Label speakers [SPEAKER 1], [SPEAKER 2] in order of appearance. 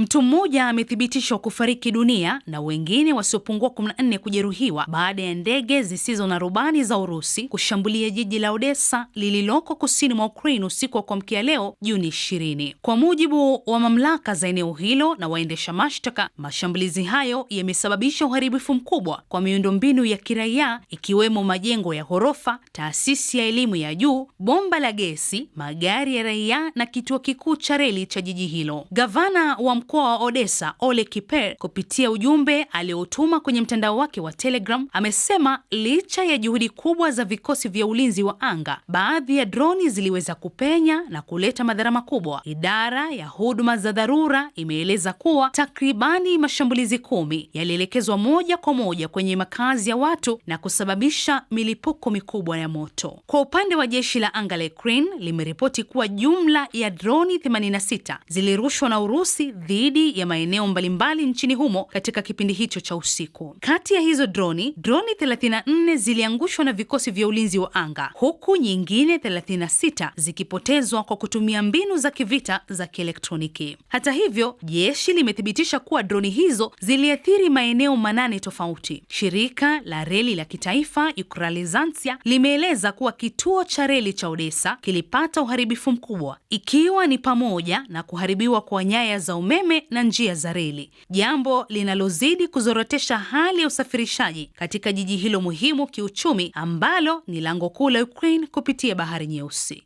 [SPEAKER 1] Mtu mmoja amethibitishwa kufariki dunia na wengine wasiopungua 14 kujeruhiwa baada ya ndege zisizo na rubani za Urusi kushambulia jiji la Odessa lililoko kusini mwa Ukraine usiku wa kuamkia leo Juni 20. Kwa mujibu wa mamlaka za eneo hilo na waendesha mashtaka, mashambulizi hayo yamesababisha uharibifu mkubwa kwa miundombinu ya kiraia ikiwemo majengo ya ghorofa, taasisi ya elimu ya juu, bomba la gesi, magari ya raia na kituo kikuu cha reli cha jiji hilo. Gavana wa mkoa wa Odessa Ole Kiper, kupitia ujumbe aliotuma kwenye mtandao wake wa Telegram, amesema licha ya juhudi kubwa za vikosi vya ulinzi wa anga, baadhi ya droni ziliweza kupenya na kuleta madhara makubwa. Idara ya huduma za dharura imeeleza kuwa takribani mashambulizi kumi yalielekezwa moja kwa moja kwenye makazi ya watu na kusababisha milipuko mikubwa ya moto. Kwa upande wa jeshi la anga la Ukraine limeripoti kuwa jumla ya droni 86 zilirushwa na Urusi dhidi ya maeneo mbalimbali nchini humo katika kipindi hicho cha usiku. Kati ya hizo droni, droni 34 ziliangushwa na vikosi vya ulinzi wa anga huku nyingine 36 zikipotezwa kwa kutumia mbinu za kivita za kielektroniki. Hata hivyo, jeshi limethibitisha kuwa droni hizo ziliathiri maeneo manane tofauti. Shirika la reli la kitaifa Ukralizansia limeeleza kuwa kituo cha reli cha Odessa kilipata uharibifu mkubwa ikiwa ni pamoja na kuharibiwa kwa nyaya za umeme umeme na njia za reli, jambo linalozidi kuzorotesha hali ya usafirishaji katika jiji hilo muhimu kiuchumi ambalo ni lango kuu la Ukraine kupitia Bahari Nyeusi.